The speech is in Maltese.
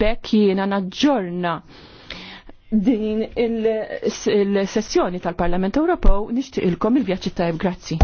bekk jiena naġġorna din il-sessjoni tal parlament Ewropew nixtieqilkom il-vjaġġi tajb grazzi.